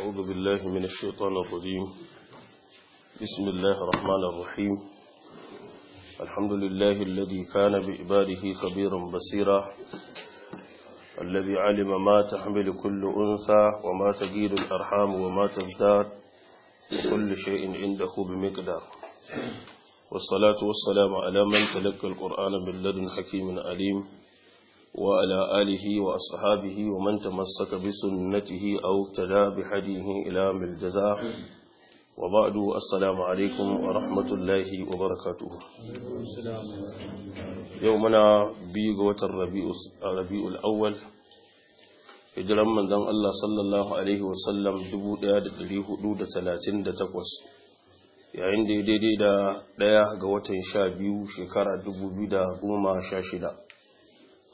أعوذ بالله من الشيطان الرجيم بسم الله الرحمن الرحيم الحمد لله الذي كان بإباده خبيرا بصيرا الذي علم ما تحمل كل أنثى وما تجير الأرحام وما تزداد كل شيء عنده بمقدار والصلاة والسلام على من تلقى القرآن من لدن حكيم عليم وعلى آله وأصحابه ومن تمسك بسنته أو اقتدى بحديه إلى ملجزاء وبعد السلام عليكم ورحمة الله وبركاته يومنا بيغوة الربيع الربيع الأول hijiran manzon Allah sallallahu Alaihi wasallam 1438 yayin da daidai da ɗaya ga watan sha biyu shekara 2016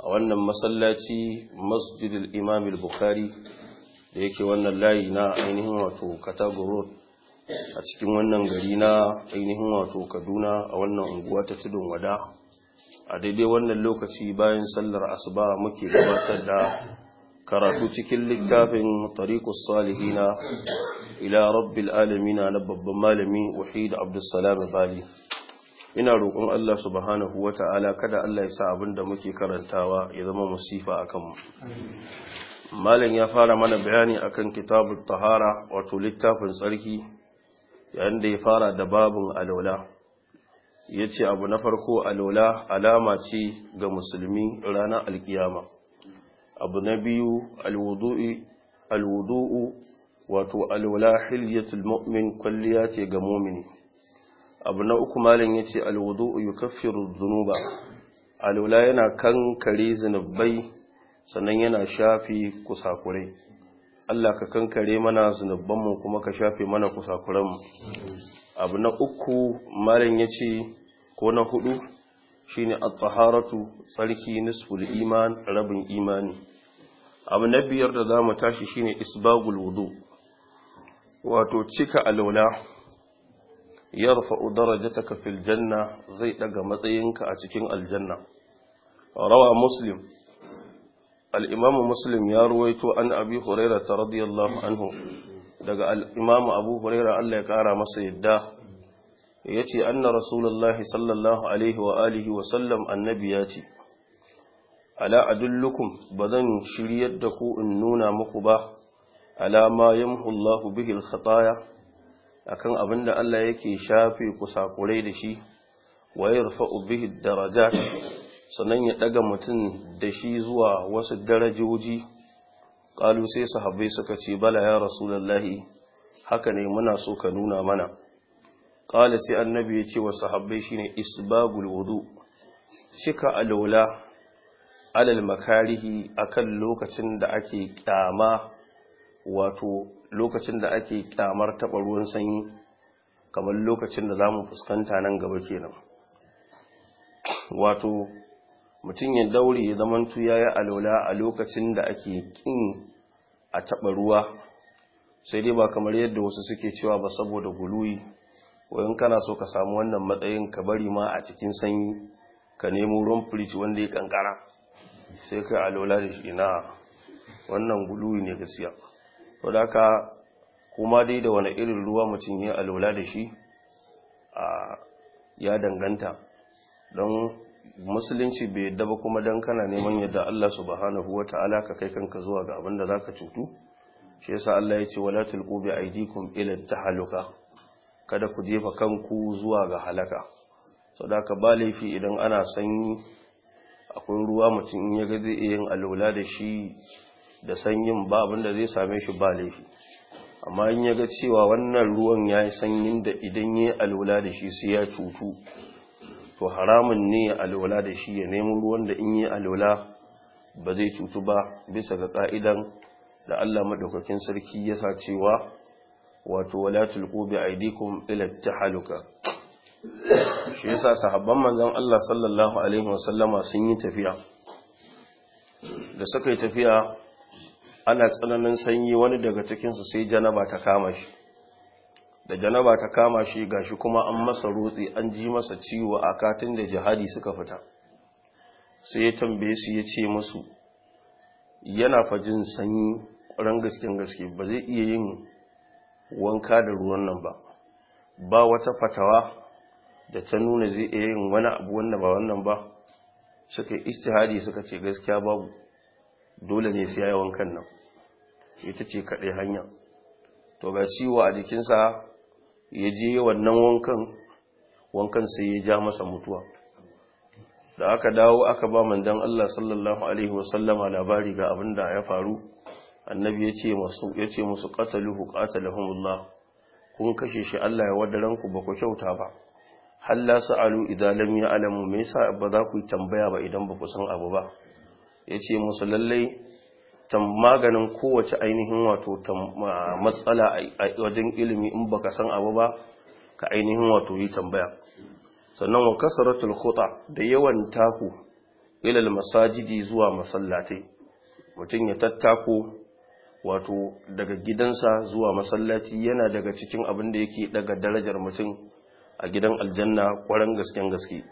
a wannan masallaci masjidil Imamil al-bukhari da yake wannan layi na ainihin wato katagoro a cikin wannan gari na ainihin wato kaduna a wannan unguwa ta tudun wada a daidai wannan lokaci bayan sallar asuba muke gabatar da karatu cikin littafin tariqus salihina ila rabbil alamin na babban malami wahid abdussalam bali ina roƙon Allah subhanahu wa ta'ala kada Allah ya sa abin da muke karantawa ya zama musifa a kanmu. Malin ya fara mana bayani akan kitabun tahara wato littafin tsarki yayin da ya fara da babin alola. Ya ce abu na farko alola alama ce ga musulmi ranar alkiyama. Abu na biyu alwudu'u wato alola hilyatul mu'min kwalliya ce ga mumini. abu na uku malin ya ce alwudu yukaffiru zunuba alwala yana kankare zunubai sannan yana shafi kusakurai Allah ka kankare mana zunubanmu kuma ka shafe mana kusakuranmu abu na uku malin ya ce ko na hudu shi ne al taharatu tsarki nisful iman rabin imani abu na biyar da za mu tashi shi ne isbagul wudu wato cika alula yarfa'u darajataka fil janna zai daga matsayinka a cikin aljanna rawa muslim Al'imamu muslim ya ruwaito an abi hurairah radiyallahu anhu daga al abu Allah ya kara masa yadda yace anna rasulullahi sallallahu alaihi wa alihi wa sallam annabi yace ala adullukum zan shiryar da ku in nuna muku ba ala ma yamhu Allahu bihi al-khataya akan abin da Allah yake shafe kusakurai da shi wa yarfa'u bihi darajat sannan ya ɗaga mutum da shi zuwa wasu darajoji qalu sai sahabbai suka ce bala ya rasulullahi haka ne muna so ka nuna mana qala sai annabi ya ce wa sahabbai shine isbagul wudu shika alawla alal makarihi akan lokacin da ake ƙyama wato lokacin da ake kyamar taɓa ruwan sanyi kamar lokacin da za mu fuskanta nan gaba kenan wato mutum ya daure ya zamantu ya yi alola a lokacin da ake ƙin a taɓa ruwa sai dai ba kamar yadda wasu suke cewa ba saboda guluyi wayan kana so ka samu wannan matsayin ka bari ma a cikin sanyi ka nemo ruwan firij wanda ya kankara sai kai alola da shi na wannan guluyi ne gaskiya wadaka kuma dai da wani irin ruwa mutum ya alola da shi ya danganta don musulunci bai yadda ba kuma don kana neman yadda Allah subhanahu wa ta'ala ka kai kanka zuwa ga abin da za ka cutu shi yasa Allah ya ce wala tulqu bi aydikum ila tahaluka kada ku jefa kanku zuwa ga halaka sadaka ka ba laifi idan ana sanyi akwai ruwa mutum ya ga zai yin alola da shi da sanyin ba abin da zai same shi ba laifi amma in ya ga cewa wannan ruwan ya yi sanyin da idan ya alwala da shi sai ya cutu to haramun ne ya alwala da shi ya nemi ruwan da in yi alwala ba zai cutu ba bisa ga ka'idan da Allah maɗaukakin sarki ya sa cewa wato wala tulqu bi aidikum ila tahaluka shi yasa sahabban manzon Allah sallallahu alaihi wasallama sun yi tafiya da suka yi tafiya ana tsananin sanyi wani daga cikinsu sai janaba ta kama shi da janaba ta kama shi ga shi kuma an masa rotsi an ji masa ciwo a katin da jihadi suka fita sai ya tambaye su ya ce musu yana fajin sanyi ran gasken gaske ba zai iya yin wanka da ruwan nan ba ba wata fatawa da ta nuna zai iya yin wani abu wanda ba wannan ba suka istihadi suka ce gaskiya babu dole ne siya ya kan nan ita ce kaɗai hanya to ga ciwo a jikinsa ya je wannan wankan wankan sai ya ja masa mutuwa da aka dawo aka ba mandan Allah sallallahu alaihi wasallama labari ga abin da ya faru annabi ya ce musu ya ce musu qataluhu kun kashe shi Allah ya wadaran ku ba ku kyauta ba halla sa'alu idan lam ya'lamu me yasa ba za ku tambaya ba idan ba ku san abu ba ya ce musu lallai maganin kowace ainihin wato matsala a wajen ilimi in baka san abu ba ka ainihin wato yi tambaya sannan wa kasaratul khuta da yawan taku ilal masajidi zuwa masallatai mutum ya tattako wato daga gidansa zuwa masallaci yana daga cikin abin da yake daga darajar mutum a gidan aljanna kwaran gasken gaske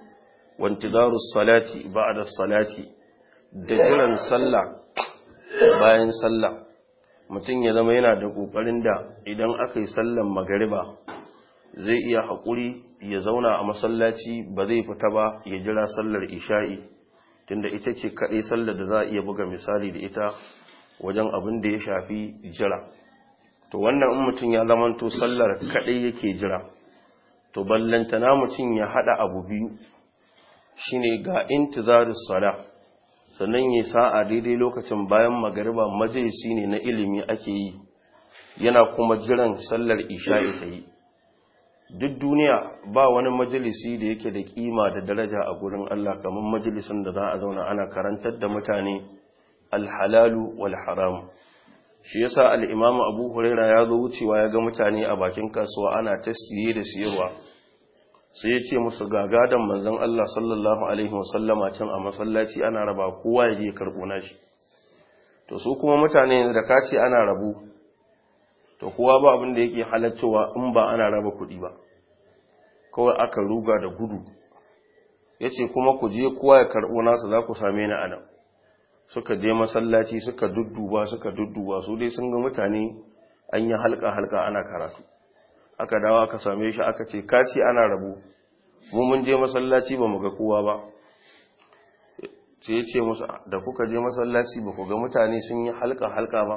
wantidarus salati ba'da salati da jiran sallah bayan sallah mutum ya zama yana da ƙoƙarin da idan aka yi sallan magariba zai iya haƙuri ya zauna a masallaci ba zai fita ba ya jira sallar isha'i tunda ita ce kaɗai sallar da za a iya buga misali da ita wajen abin da ya shafi jira to wannan in mutum ya zamanto sallar kaɗai yake jira to ballanta na mutum ya haɗa abu biyu shine ga intizarin sala sannan yi sa'a daidai lokacin bayan magariba majalisi ne na ilimi ake yi yana kuma jiran sallar isha ta yi duk duniya ba wani majalisi da yake da kima da daraja a gurin Allah kamar majalisin da za a zauna ana karantar da mutane alhalalu wal haram shi yasa al-imamu abu huraira ya zo wucewa ya ga mutane a bakin kasuwa ana ta siye da siyarwa sai ya ce musu gadon manzan Allah sallallahu alaihi wasallama can a masallaci ana raba kowa ya je karbo nashi to su kuma mutane da ka ce ana rabu to kowa ba abin da yake halaccewa in ba ana raba kuɗi ba kawai aka ruga da gudu ya ce kuma ku je kowa ya karɓo nasa za ku same ni a nan suka je masallaci suka dudduba suka dudduba su dai sun ga mutane an yi halka halka ana karatu aka dawo aka same shi aka ce kaci ana rabu mu mun je masallaci ba mu ga kowa ba sai ce musu da kuka je masallaci ba ku ga mutane sun yi halka halka ba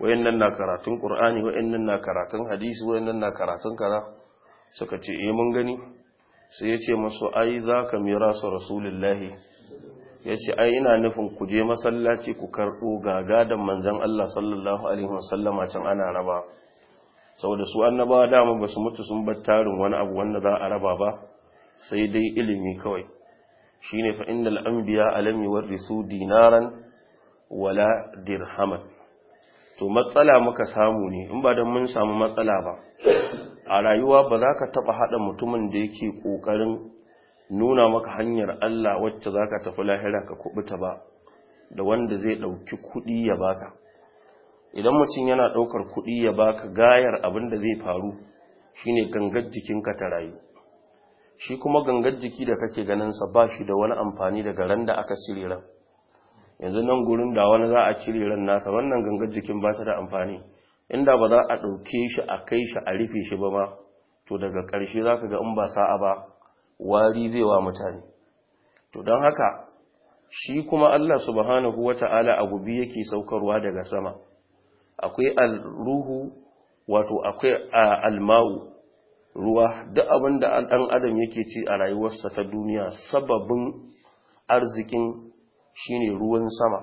wayannan na karatun qur'ani wayannan na karatun hadisi wayannan na karatun kaza suka ce eh mun gani sai ya ce musu ai za ka mira su rasulullahi ya ce ai ina nufin ku je masallaci ku karɓo gaga da manzon Allah sallallahu alaihi wasallama can ana raba saboda su annaba, dama ba su mutu sun bar tarin wani abu wanda za a raba ba sai dai ilimi kawai shine fa innal anbiya alam yuwarrisu dinaran wala dirhaman to matsala muka samu ne in ba dan mun samu matsala ba a rayuwa ba za ka taɓa haɗa mutumin da yake ƙoƙarin nuna maka hanyar Allah wacce za ka tafi lahira ka kubuta ba da wanda zai ɗauki kuɗi ya baka idan mutum yana ɗaukar kuɗi ya baka gayar abin da zai faru shine gangar jikinka ta rayu shi kuma gangar jiki da kake ganinsa ba shi da wani amfani daga ran da aka cire ran yanzu nan gurin da wani za a cire ran nasa wannan gangar jikin ba ta da amfani inda ba za a ɗauke shi a kai shi a rufe shi ba ma to daga ƙarshe za ka ga in ba sa'a ba wari zai wa mutane to don haka shi kuma Allah subhanahu wa ta'ala a gubi yake saukarwa daga sama akwai alruhu wato akwai alma'u ruwa duk abin da ɗan adam yake ci a rayuwarsa ta duniya sababin arzikin shine ruwan sama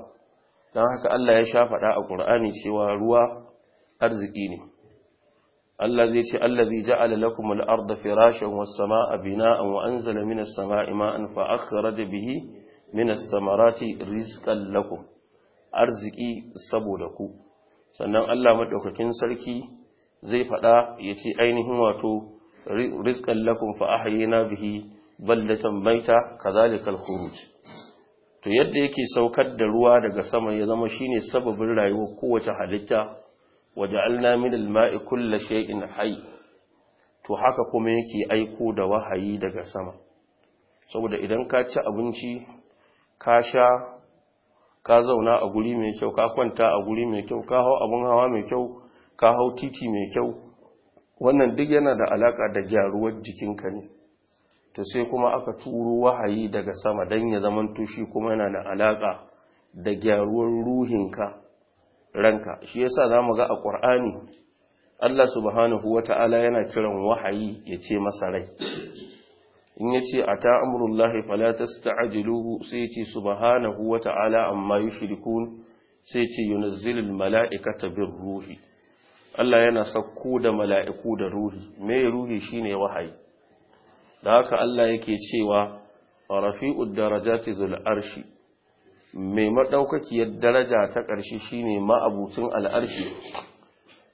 don haka Allah ya sha faɗa a ƙur'ani cewa ruwa arziki ne Allah zai ce Allah zai ja'ala lakum al-ardha firashan was bina bina'an wa anzala minas samaa'i ma'an fa da bihi minas samarati rizqan lakum arziki saboda ku sannan Allah maɗaukakin sarki zai faɗa ya ce ainihin wato rizqan lakum fa ahyina bihi ballatan baita kazalikal khuruj to yadda yake saukar da ruwa daga sama ya zama shine sababin rayuwar kowace halitta waje min alma’i kulla kulli shay'in hayy to haka kuma yake aiko da wahayi daga sama saboda idan ka ci abinci ka sha ka zauna a guri mai kyau ka kwanta a guri mai kyau ka hau abin hawa mai kyau ka hau titi mai kyau wannan duk yana da alaka da gyaruwar jikinka ne to sai kuma aka turo wahayi daga sama don ya zaman tushi kuma yana da alaka da gyaruwar ruhinka ranka shi yasa mu ga a ƙwar'ani Allah subhanahu wata'ala yana kiran wahayi ya ce masa rai in ya ce a yace ata ta ta tasta'jiluhu sai ce yace subhanahu wa ta'ala amma shirikun sai ce yace mala'ika ta bin ruhi Allah yana sakko da mala'iku da ruhi me ruhi shine wahayi da haka Allah yake cewa rafi'ud darajati ta zul’arshi mai madaukakiyar daraja ta ƙarshe shine ma'abucin al'arshi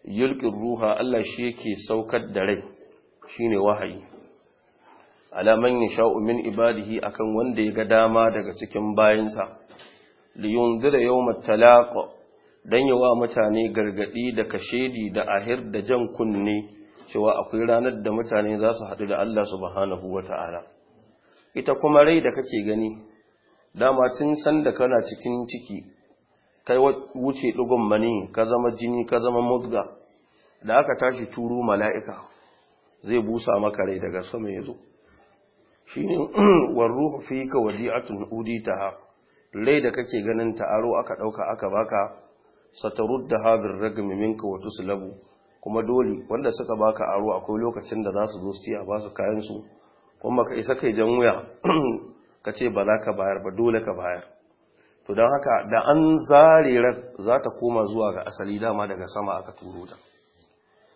yulƙin ruha Allah shi yake saukar da rai shine wahayi alaman ya sha'umin umin ibadihi kan wanda ya ga dama daga cikin bayansa liyun zira yau matalaka don yawa mutane gargaɗi da kashedi da ahir da jan kunne cewa akwai ranar da mutane za su haɗu da Allah subhanahu wa ta'ala ita kuma rai da kake gani dama tun sanda kana cikin ciki kai wuce ɗigon mani ka zama jini ka zama mutga, da aka tashi turu mala'ika zai busa maka rai daga sama ya zo shine war ruhu hudi ta ha, lai da kake ganin ta aro aka dauka aka baka sataruddaha bir ragmi minka wa tuslabu kuma dole wanda suka baka aro akwai lokacin da za su zo su ci a ba su kayan su kuma ka isa kai jan wuya ka ce ba za ka bayar ba dole ka bayar to don haka da an zare ran za ta koma zuwa ga asali dama daga sama aka turo ta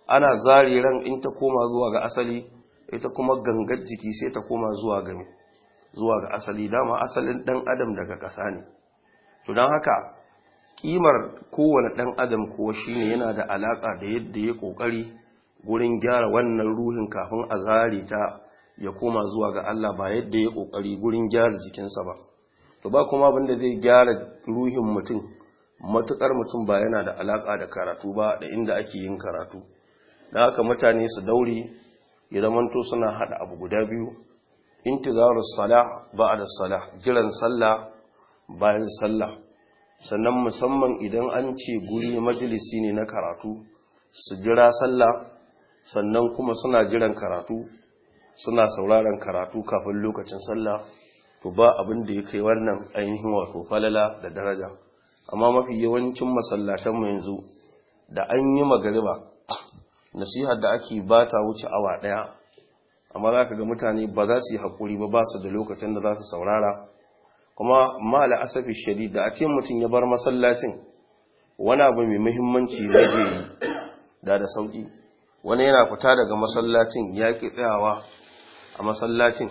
ana zare in ta koma zuwa ga asali ita kuma gangar jiki sai ta koma zuwa game, zuwa ga asali dama asalin dan adam daga ƙasa ne to don haka kimar kowane dan adam kuwa shine yana da alaka da yadda ya kokari gurin gyara wannan ruhin kafin a zare ta ya koma zuwa ga Allah ba yadda ya kokari gurin gyara jikinsa ba to ba kuma abinda zai gyara ruhin mutum matukar mutum ba yana da alaka da karatu ba da inda ake yin karatu da haka mutane su daure ya zamanto suna hada abu guda biyu intizaru salah ba'da salah jiran sallah bayan sallah sannan musamman idan an ce guri majalisi ne na karatu su jira sallah sannan kuma suna jiran karatu suna sauraron karatu kafin lokacin sallah to ba abin da ya kai wannan ainihin wato falala da daraja amma mafi yawancin masallatanmu yanzu da an yi magariba nasihar da ake ba ta wuce awa ɗaya amma za ka ga mutane ba za su yi haƙuri ba ba su da lokacin da za su saurara kuma mala asafi shari da a cikin mutum ya bar masallacin wani abu mai muhimmanci zai je yi da da sauƙi wani yana fita daga masallacin ya ƙi tsayawa a masallacin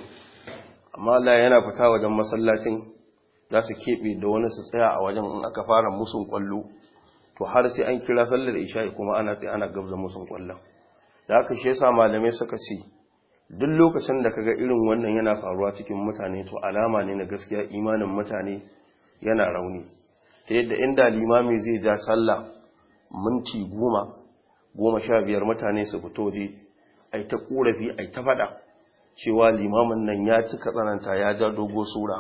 amma la yana fita wajen masallacin za su keɓe da wani su tsaya a wajen in aka fara musun kwallo. to har sai an kira sallar isha'i kuma ana tsaye ana gabza musun kwallon da aka shi yasa malamai suka ce duk lokacin da kaga irin wannan yana faruwa cikin mutane to alama ne na gaskiya imanin mutane yana rauni ta yadda inda limami zai ja sallah minti goma goma sha biyar mutane su fito je ai ta korafi ai ta faɗa cewa limamin nan ya cika tsananta ya ja dogo sura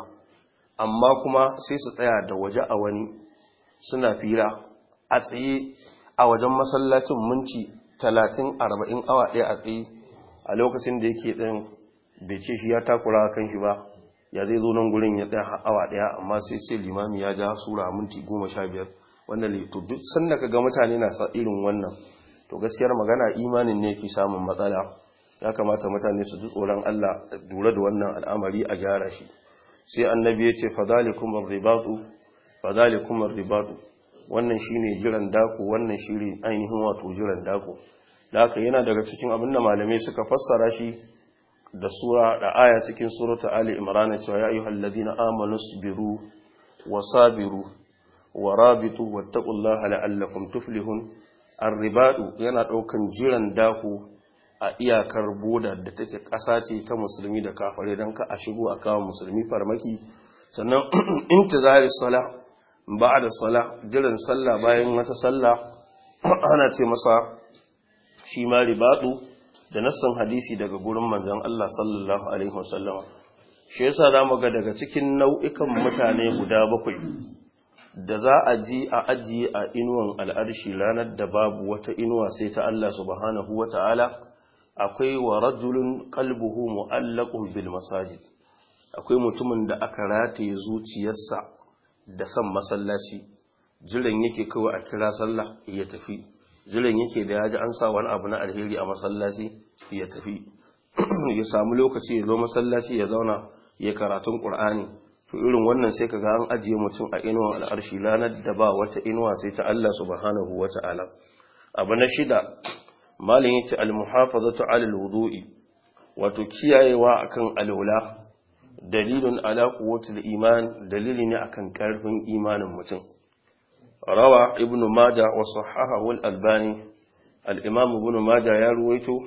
amma kuma sai su tsaya da waje a wani suna fira a tsaye a wajen masallacin munci talatin arba'in awa ɗaya a tsaye a lokacin da yake ɗin bai ce shi ya takura kan shi ba ya zai zo nan gurin ya ɗaya awa ɗaya amma sai sai limami ya ja sura minti goma sha biyar wannan to duk sanda ka ga mutane na sa irin wannan to gaskiyar magana imanin ne ke samun matsala ya kamata mutane su ji tsoron Allah dura da wannan al'amari a gyara shi sai annabi ya ce fadalikum ar-ribatu fadalikum ar-ribatu wannan shi ne jiran dako wannan ne ainihin wato jiran dako da aka yana daga cikin abin da malamai suka fassara shi da sura da aya cikin surata ali imrana cewa ya ayyuhal ladina amanu sabiru wa sabiru wa rabitu wattaqullaha la'allakum tuflihun arribadu yana daukan jiran dako a iyakar boda da take ƙasa ce ta musulmi da kafare don ka a shigo a kawo musulmi farmaki sannan intizari sala ba da sala jiran sallah bayan wata sallah ana ce masa shi ma ribatu da nassan hadisi daga gurin manzan Allah sallallahu alaihi wasallama shi yasa zamu ga daga cikin nau'ikan mutane guda bakwai da za a ji a ajiye a inuwan al'arshi ranar da babu wata inuwa sai ta Allah subhanahu waTa'ala, akwai wa rajulun kalbuhu mu'allakun bil masajid akwai mutumin da aka rataye zuciyarsa da son masallaci jiran yake kawai a kira sallah ya tafi jiran yake da ya ji an sa wani abu na alheri a masallaci ya tafi ya samu lokaci ya zo masallaci ya zauna ya karatun ƙur'ani to irin wannan sai kaga an ajiye mutum a inuwa al'arshi lanar da ba wata inuwa sai ta Allah subhanahu wa ta'ala abu na shida malin yace al-muhafazatu 'ala al-wudu'i wato kiyayewa akan alwala Dalilin ala quwwatil iman dalili ne akan karfin imanin mutum rawa ibn majah wa sahahahu al-albani al-imam ibn majah ya ruwaito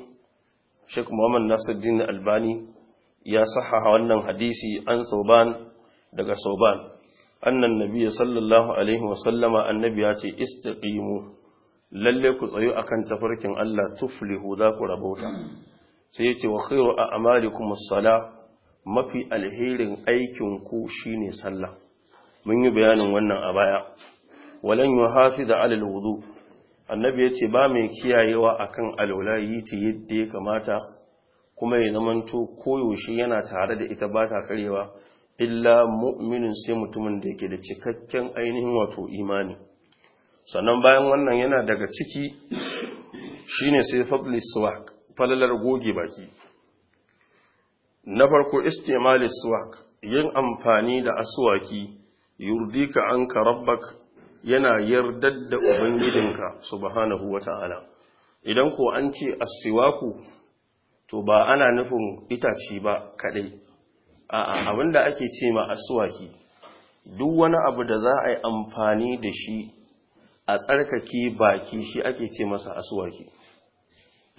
Sheikh Muhammad Nasiruddin Albani ya sahaha wannan hadisi an Soban daga Soban annan nabi sallallahu alaihi wa sallama annabi ya ce istaqimu lalle ku tsayu akan tafarkin Allah tuflihu za ku rabota sai yace wa khairu a'malikum as-salah mafi alherin aikin ku shine sallah mun yi bayanin wannan a baya walan yuhafiza alal wudu annabi yace ba mai kiyayewa akan alwala yi ta yadda ya kamata kuma ya zamanto koyaushe yana tare da ita ba ta karewa illa mu'minin sai mutumin da yake da cikakken ainihin wato imani sannan bayan wannan yana daga ciki shine sai fadlis suwak falalar goge baki na farko istimali suwak yin amfani da aswaki yurdika an karabbak yana yardar da ubangijinka subhanahu wata'ala idan ko an ce asiwaku to ba ana nufin itace ba kadai a'a abinda ake ce ma aswaki duk wani abu da za a yi amfani da shi a tsarkake baki shi ake ce masa aswaki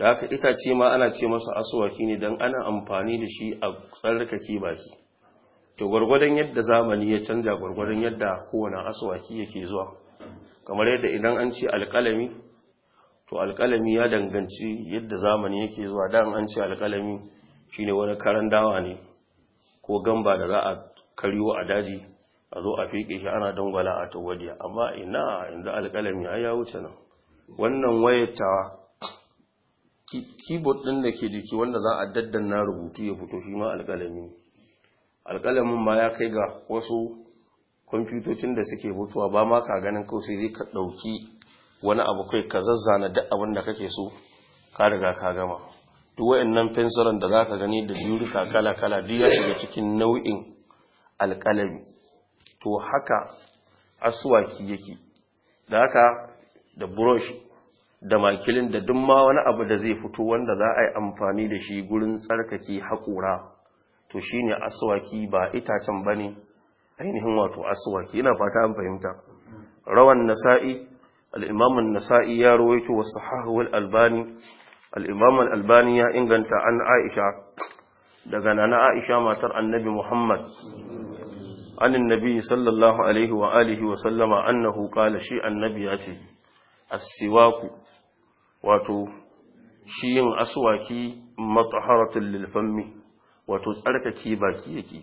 da haka itace ma ana ce masa asuwaki ne don ana amfani da shi a tsarkaki baki to gwargwadon yadda zamani ya canja gwargwadon yadda kowane asuwaki yake zuwa kamar yadda idan an ce alƙalami to alkalami ya danganci yadda zamani yake zuwa da an ce alƙalami shine wani karan dawa ne ko gamba da za a karyo a daji a zo a fiƙe shi ana dangwala a tawadiya amma ina inda alƙalami ya wuce nan wannan wayatawa keyboard ɗin da ke jiki wanda za a daddanna rubutu ya fito shi ma alƙalami alƙalamin ma ya kai ga wasu kwamfutocin da suke mutuwa ba ma ka ganin kawai sai zai ka ɗauki wani abu kai ka zazzana duk abin da kake so ka riga ka gama duk wayannan fensuran da za ka gani da jurika kala kala duk ya shiga cikin nau'in alƙalami to haka asuwaki yake da haka da brush da makilin da duk ma wani abu da zai fito wanda za a yi amfani da shi gurin tsarkake haƙura to shi ne aswaki ba itacen ba ne ainihin wato aswaki yana fata an fahimta rawan nasa'i al'imamun nasa'i ya rawaito wasu hahuwar albani al'imamun albani ya inganta an aisha daga nana aisha matar annabi muhammad an annabi sallallahu alaihi wa alihi wa sallama annahu qala shi annabi ya ce as wato shi yin aswaki mataharatul lilfammi wato tsarkake baki yake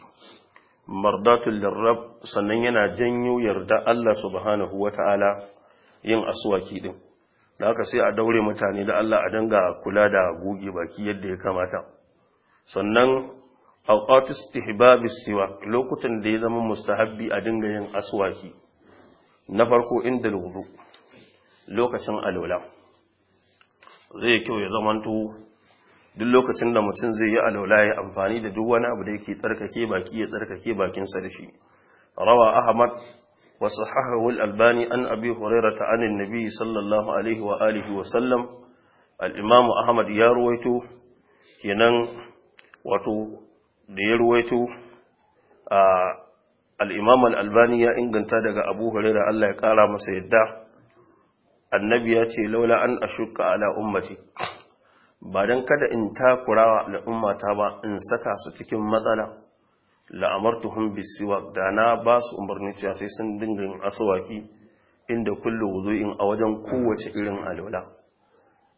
mardatun lirrab sannan yana janyo yarda Allah subhanahu ta'ala yin aswaki din da haka sai a daure mutane da Allah a danga kula da goge baki yadda ya kamata sannan ta istihbab siwak lokutan da ya zama mustahabbi a dinga yin aswaki na farko inda lokacin alwala zai kyau ya zamanto duk lokacin da mutum zai yi alaula ya amfani da duk wani abu da yake tsarkake baki ya tsarkake bakinsa da shi rawa ahmad wa sahahu al-albani an abi hurairah an annabi sallallahu alaihi wa alihi wa sallam al-imam ahmad ya ruwaito kenan wato da ya ruwaito a al-imam al-albani ya inganta daga abu hurairah Allah ya kara masa yadda annabi ya ce laula an ashuka ala ummati ba dan kada in takurawa al'ummata ba in saka su cikin matsala la'amartuhum bisiwak da na ba su umarni cewa sai sun dinga asawaki inda kullu in a wajen kowace irin alwala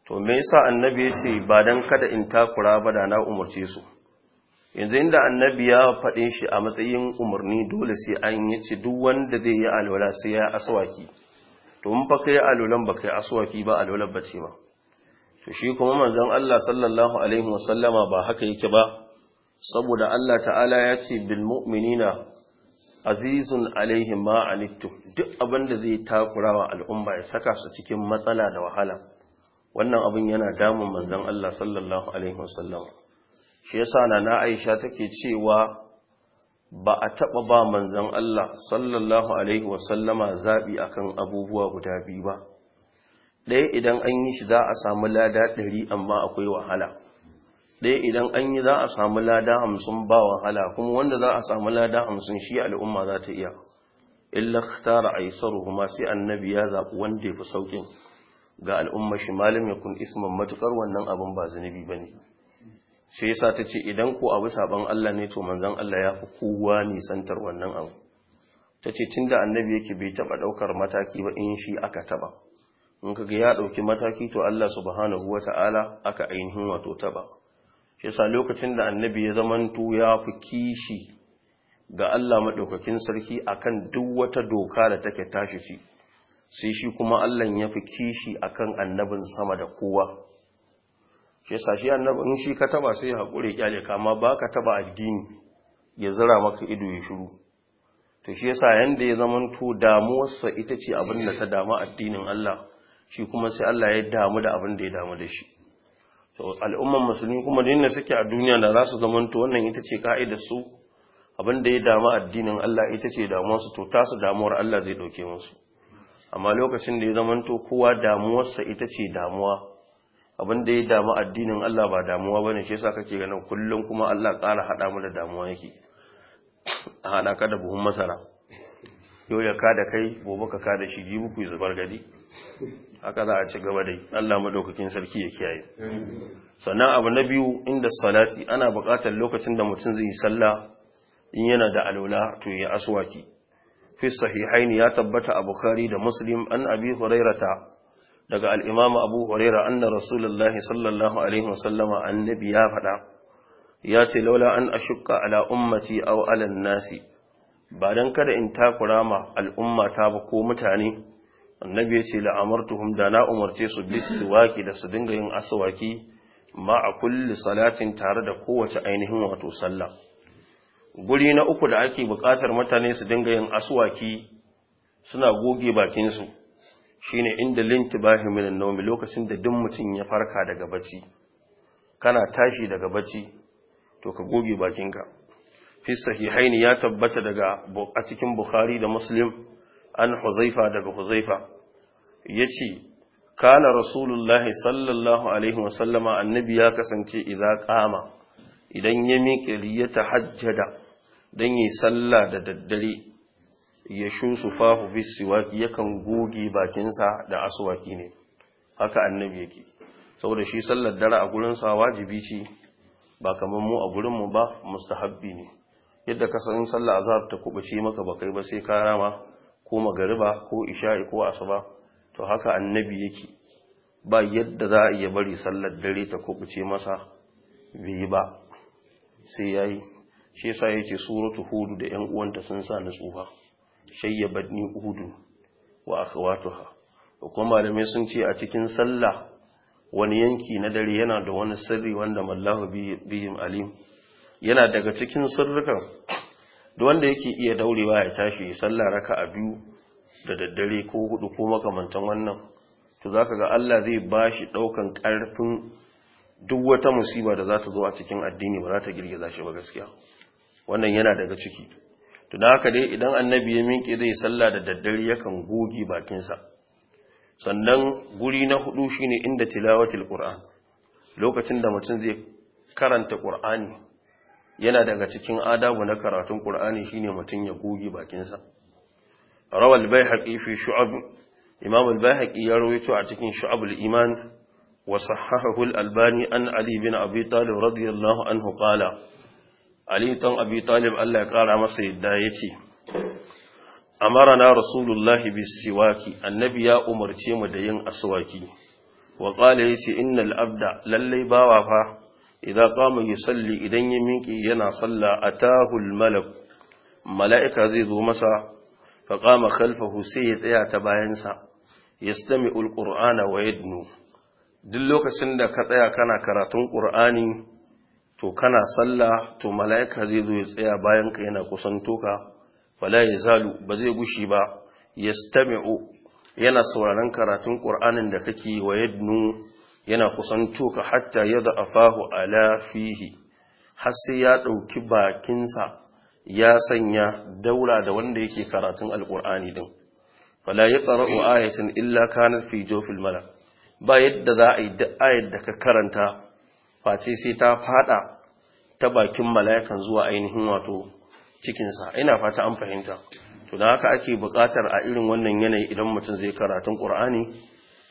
to me yasa annabi ya ce ba dan kada in takura ba da na umarce su yanzu inda annabi ya faɗin shi a matsayin umarni dole sai an yi ce duk wanda zai yi alwala sai ya asawaki to mun fa kai alulan ba kai aswaki ba alulan ba ce ba? to shi kuma manzon Allah sallallahu alaihi wasallama ba haka yake ba saboda Allah ta'ala ya ce bilmuminina mu'minina azizun alaihim ma anittum duk abin da zai wa al'umma ya saka su cikin matsala da wahala wannan abin yana damun manzon Allah sallallahu alaihi wasallama shi yasa na Aisha take cewa ba a taɓa ba manzan Allah sallallahu Alaihi wasallama zaɓi a kan abubuwa guda biyu ba, ɗaya idan an yi shi za a samu lada ɗari amma akwai wahala, ɗaya idan an yi za a samu lada hamsin ba wahala kuma wanda za a samu lada hamsin shi al'umma za ta iya. Illa tara a yi kuma sai annabi ya zaɓi wanda ya fi saukin ga al'umma shi malam ya kun isman matuƙar wannan abin ba zunubi ba ne. sai yasa ta ce idan ku abu saban Allah ne to manzon Allah ya fi kowa nisantar wannan abu ta ce tun da annabi yake bai taɓa ɗaukar mataki ba in shi aka taɓa in kaga ya ɗauki mataki to Allah subhanahu wa aka ainihin wato taɓa shi sa lokacin da annabi ya zamanto ya fi kishi ga Allah maɗaukakin sarki akan duk wata doka da take tashi ci sai shi kuma Allah ya fi kishi akan annabin sama da kowa shi yasa shi annabi in shi ka taba sai hakuri kyale ka amma ba taba addini ya zira maka ido ya shuru to shi yasa yanda ya zamanto damuwarsa ita ce abin da ta damu addinin Allah shi kuma sai Allah ya damu da abin da ya damu da shi to al'umman musulmi kuma din na suke a duniya da za su to wannan ita ce ka'idar su abin da ya damu addinin Allah ita ce damuwarsu to tasu damuwar Allah zai dauke musu amma lokacin da ya zamanto kowa damuwarsa ita ce damuwa abin da ya damu addinin Allah ba damuwa bane shi yasa kake ganin kullum kuma Allah ƙara hada mu da damuwa yake a hada ka da buhun masara yau ya kada kai gobe ka kada shi ji muku zubar gadi haka za a ci gaba dai Allah madaukakin sarki ya kiyaye sannan abu na biyu inda salati ana buƙatar lokacin da mutum zai yi sallah in yana da alula to ya aswaki fi sahihaini ya tabbata a bukhari da muslim an abi hurairata daga al'imam abu huraira anna rasulullah sallallahu alaihi wasallama annabi ya faɗa ya ce laula an ashukka ala ummati aw nasi ba dan kada in takura ma al'umma ta ba ko mutane annabi ya ce la'amartuhum da na umarce su bisuwaki da su dinga yin aswaki ma a kulli salatin tare da kowace ainihin wato sallah guri na uku da ake buƙatar mutane su dinga yin aswaki suna goge bakinsu shine inda lintibahi minan Wani lokacin da duk mutum ya farka daga bacci kana tashi daga bacci to ka goge bakinka fi sahihaini ya tabbata daga a cikin bukhari da muslim an huzaifa daga huzaifa yace kana rasulullahi sallallahu alaihi wasallama annabi ya kasance idan kama idan ya miƙe ya tahajjada dan yi sallah da daddare ya su fahu fi yakan goge bakinsa da aswaki ne haka annabi yake saboda shi sallar dare a gurin sa wajibi ce ba kamar mu a gurin mu ba mustahabbi ne yadda ka san sallar azhar ta kubuce maka ba kai ba sai ka rama ko magariba ko isha'i ko asuba to haka annabi yake ba yadda za a iya bari sallar dare ta kubuce masa bai ba sai yayi shi yasa yake suratu hudu da yan uwanta sun sa na tsufa shayyabatni uhudun wa akhawatuha to kuma malamai sun ce a cikin sallah wani yanki na dare yana da wani sirri wanda mallahu bihim alim yana daga cikin sirrukan da wanda yake iya daurewa ya tashi sallah sallah raka'a biyu da daddare ko hudu ko makamantan wannan to zaka ga Allah zai bashi daukan karfin duk wata musiba da za ta zo a cikin addini ba za ta girgiza shi ba gaskiya wannan yana daga ciki to haka dai idan annabi ya minke zai salla da daddare yakan goge bakinsa sannan guri na hudu shine inda tilawatul qur'an lokacin da mutum zai karanta qur'ani yana daga cikin adabu na karatun qur'ani shine mutum ya goge bakinsa rawal bayhaqi fi shu'ab imam al bayhaqi ya rawaito a cikin shu'abul iman wa sahahahu al-albani an ali bin abi talib radiyallahu anhu qala alitan ɗan Abi Talib Allah ya ƙara masa yadda ya ce, Amarana Rasulullahi bi siwaki, annabi ya umarce mu da yin aswaki, wa ƙala ya ce, Innal abda lallai bawa fa, idan kama yi salli idan ya minki yana salla a tahul malak, mala'ika zai zo masa, fa kama kalfahu sai ya tsaya ta bayansa, ya stami ul wa yadnu. Duk lokacin da ka tsaya kana karatun ƙur'ani, to kana sallah to mala'ika zai zo ya tsaya bayan ka yana kusan toka wala ya zalu ba zai gushi ba yastami'u yana sauraron karatun qur'anin da kake wa yadnu yana kusan toka hatta fahu ala fihi har sai ya ɗauki bakinsa ya sanya daura da wanda yake karatun alqur'ani din wala yaqra'u ayatan illa kanat fi jawfil mala ba yadda za a yi duk ayar da ka karanta face sai ta fada ta bakin mala'ikan zuwa ainihin wato cikinsa ina fata an fahimta to da haka ake buƙatar a irin wannan yanayi idan mutum zai karatun ƙur'ani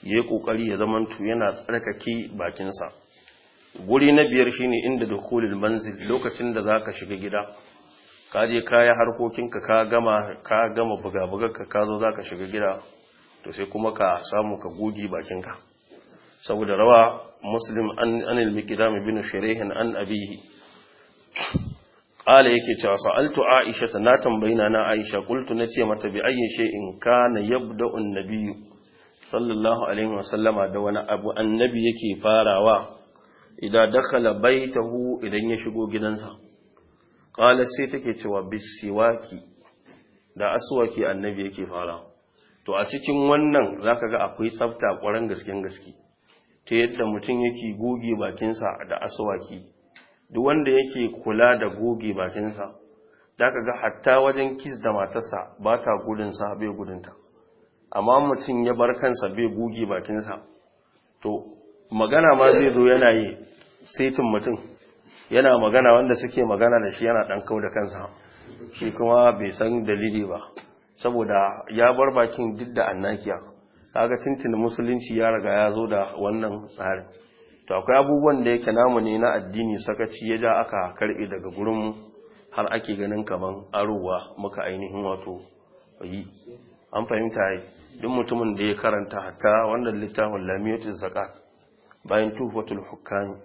yayi kokari ya zama tu yana tsarkake bakinsa guri na biyar shine inda da manzil lokacin da zaka shiga gida ka je ka yi harkokinka ka gama ka gama buga-bugarka ka zo zaka shiga gida to sai kuma ka samu ka goge bakinka saboda rawa muslim an ilmikidam binu shirihin an abihi ƙala yake cewa sa'altu aisha ta na tambayina na aisha kultu na ce mata bi ayyin in na yabda'un nabiyu sallallahu alaihi wasallama da wani abu annabi yake farawa idan dakala baitahu idan ya shigo gidansa ƙala sai take cewa bisiwaki da aswaki annabi yake farawa to a cikin wannan zaka ga akwai tsafta kwarin gaske gaske ta yadda mutum yake goge bakinsa da aswaki duk wanda yake kula da goge bakinsa da ka ga hatta wajen kis da matarsa ba ta gudunsa bai gudunta amma mutum ya bar kansa bai goge bakinsa to magana ma zai zo yana yi saitin mutum yana magana wanda suke magana da shi yana ɗan kau da kansa shi kuma bai san dalili ba saboda ya bar bakin duk da annakiya kaga tintin musulunci ya riga ya zo da wannan tsarin to akwai abubuwan da yake namu ne na addini sakaci ya ja aka karbe daga gurin har ake ganin kaman arowa muka ainihin wato yi an fahimta yi duk mutumin da ya karanta hatta wannan littafin lamiyatul zakat bayan tufatul hukami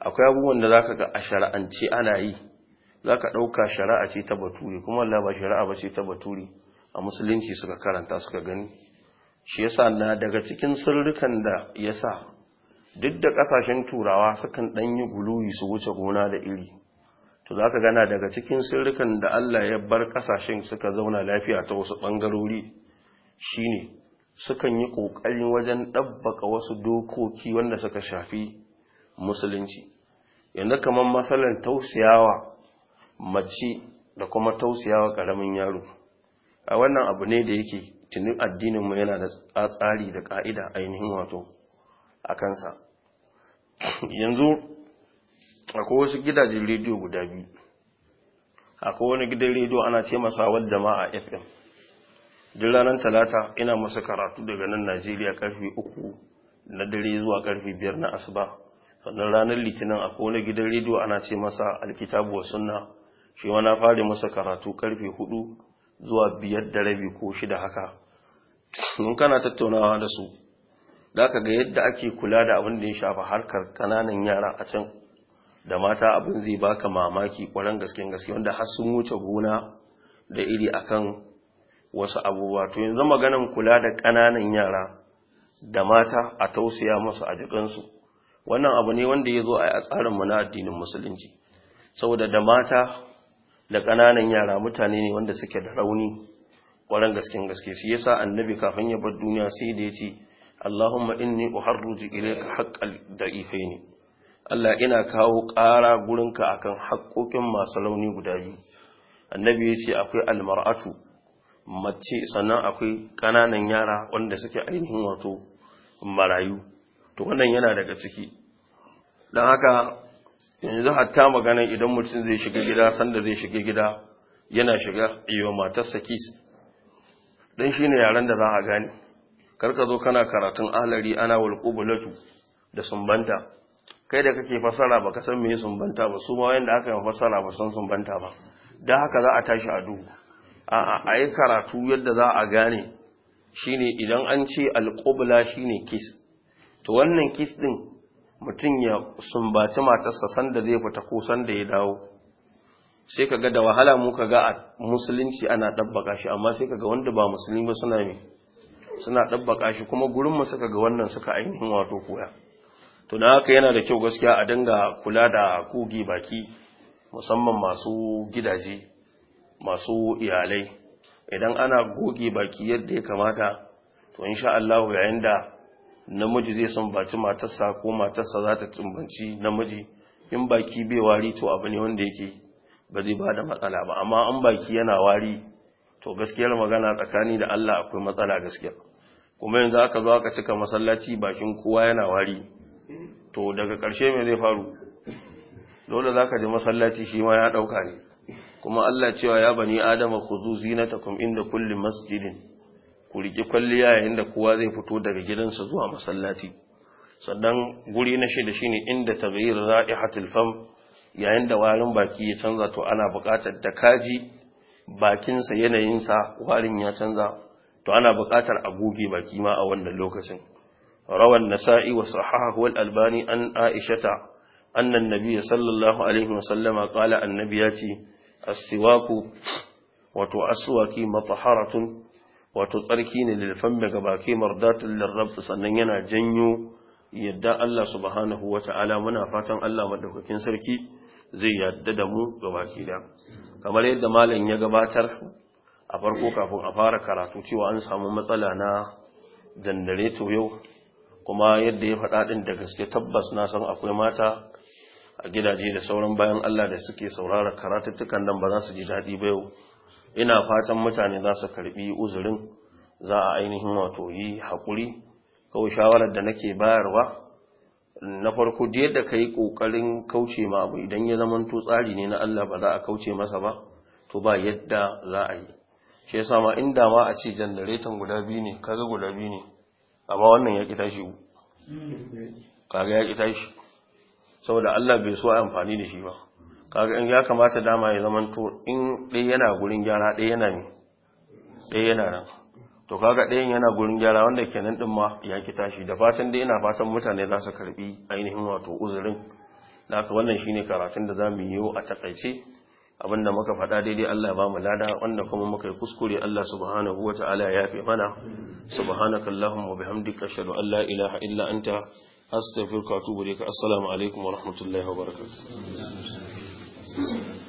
akwai abubuwan da zaka ga a shari'ance ana yi zaka dauka shari'a ce ta baturi kuma Allah ba shari'a ba ce ta baturi a musulunci suka karanta suka gani shi yasa na daga cikin sirrukan da ya sa duk da ƙasashen turawa sukan ɗan yi guluyi su wuce gona da iri to za ka gana daga cikin sirrukan da Allah ya bar ƙasashen suka zauna lafiya ta wasu bangarori shine sukan yi ƙoƙarin wajen ɗabbaka wasu dokoki wanda suka shafi musulunci yanzu kamar matsalar tausiyawa mace da kuma tausiyawa ƙaramin yaro a wannan abu ne da yake tuni addininmu yana da tsari da ƙa'ida ainihin wato a kansa yanzu akwai wasu gidajen rediyo guda biyu akwai wani gidan rediyo ana ce masa wadda jama'a fm duk ranar talata ina masa karatu daga nan najeriya karfe uku na dare zuwa karfe biyar na asuba sannan ranar litinin akwai wani gidan rediyo ana ce masa alkitabu wa suna shi na fara masa karatu karfe hudu zuwa biyar da rabi ko shida haka mun kana tattaunawa da su da ka ga yadda ake kula da abin da ya shafa harkar kananan yara a can da mata abin zai baka mamaki kwaran gaske gaske wanda har sun wuce gona da iri akan wasu abubuwa to yanzu maganan kula da kananan yara da mata a tausaya masu a jikinsu wannan abu ne wanda ya zo a tsarinmu na addinin musulunci saboda da mata da kananan yara mutane ne wanda suke da rauni ƙwaron gasken gaske shi yasa annabi kafin ya bar duniya sai da ya ce Allahumma inni uharruju ilayka haqqal ne. Allah ina kawo ƙara gurinka akan haƙƙoƙin masu launi guda biyu annabi ya ce akwai almar'atu mace sannan akwai ƙananan yara wanda suke ainihin wato marayu to wannan yana daga ciki don haka yanzu hatta magana idan mutum zai shiga gida sanda zai shiga gida yana shiga iyo matarsa kis dan shine yaren da za a gane karka zo kana karatun ahlari ana walqubulatu da sumbanta kai da kake fasara baka san me sumbanta ba su ma wanda aka yi fasara ba san sumbanta ba dan haka za a tashi a duhu a a yi karatu yadda za a gane shine idan an ce shi shine kis to wannan kis ɗin mutum ya sumbaci matarsa sanda zai fita ko sanda ya dawo sai ka ga da wahala mu ga a musulunci ana ɗabbaƙa shi amma sai kaga wanda ba musulun ba suna ne suna ɗabbaƙa shi kuma gurin mu suka ga wannan suka ainihin wato koya to na haka yana da kyau gaskiya a dinga kula da kogi baki musamman masu gidaje masu iyalai idan ana goge baki yadda ya kamata to insha Allah yayin da namiji zai baci matarsa ko matarsa za ta tumbanci namiji in baki bai wari to abu ne wanda yake ba zai ba da matsala ba amma an baki yana wari to gaskiyar magana tsakani da Allah akwai matsala gaskiya kuma yanzu aka zo aka cika masallaci bakin kowa yana wari to daga ƙarshe me zai faru dole za ka ji masallaci shi ma ya ɗauka ne kuma Allah cewa ya bani adama khuzu zinatakum inda kulli masjidin ku riki kwalliya yayin da kowa zai fito daga gidansa zuwa masallaci sannan guri na shida shine inda taghyir ra'ihatil fam yayin da warin baki ya canza to ana buƙatar da kaji bakinsa yanayinsa warin ya canza to ana buƙatar a baki ma a wannan lokacin rawan nasa'i wa sahahu wal albani an aishata annan nabiyyi sallallahu alaihi wasallama qala annabi ya ce as-siwaku wato aswaki mataharatun wato tsarki ne lil daga baki mardatun lirrabb sannan yana janyo yadda Allah subhanahu wata'ala muna fatan Allah madaukakin sarki zai yadda da mu ga baki da kamar yadda malam ya gabatar a farko kafin a fara karatu cewa an samu matsala na to yau kuma yadda ya faɗa ɗin da gaske tabbas na san akwai mata a gidaje da sauran bayan Allah da suke saurara karatuttukan nan ba za su ji daɗi ba yau ina fatan mutane za su karɓi uzurin za a ainihin wato yi haƙuri kawai shawarar da nake bayarwa na farko da yadda ka yi ƙoƙarin kauce ma abu idan ya zama tsari ne na Allah ba za a kauce masa ba to ba yadda za a yi shi yasa ma inda ma a ce janareton guda biyu ne ga guda biyu ne amma wannan ya ƙi tashi kaga ya kita shi saboda Allah bai so a amfani da shi ba kaga in ya kamata dama ya zama to in ɗaya yana gurin gyara ɗaya yana ne ɗaya yana nan to kaga ɗayan yana gurin gyara wanda kenan din ma ya ki tashi da fatan dai ina fatan mutane za su karbi ainihin wato uzurin da aka wannan shine karatun da zamu yi a takaice abinda muka faɗa daidai Allah ya bamu lada wanda kuma muka yi kuskure Allah subhanahu wata'ala ya yafe mana subhanakallahumma wa bihamdika ashhadu an la ilaha illa anta astaghfiruka wa atubu ilaik assalamu alaikum wa rahmatullahi wa barakatuh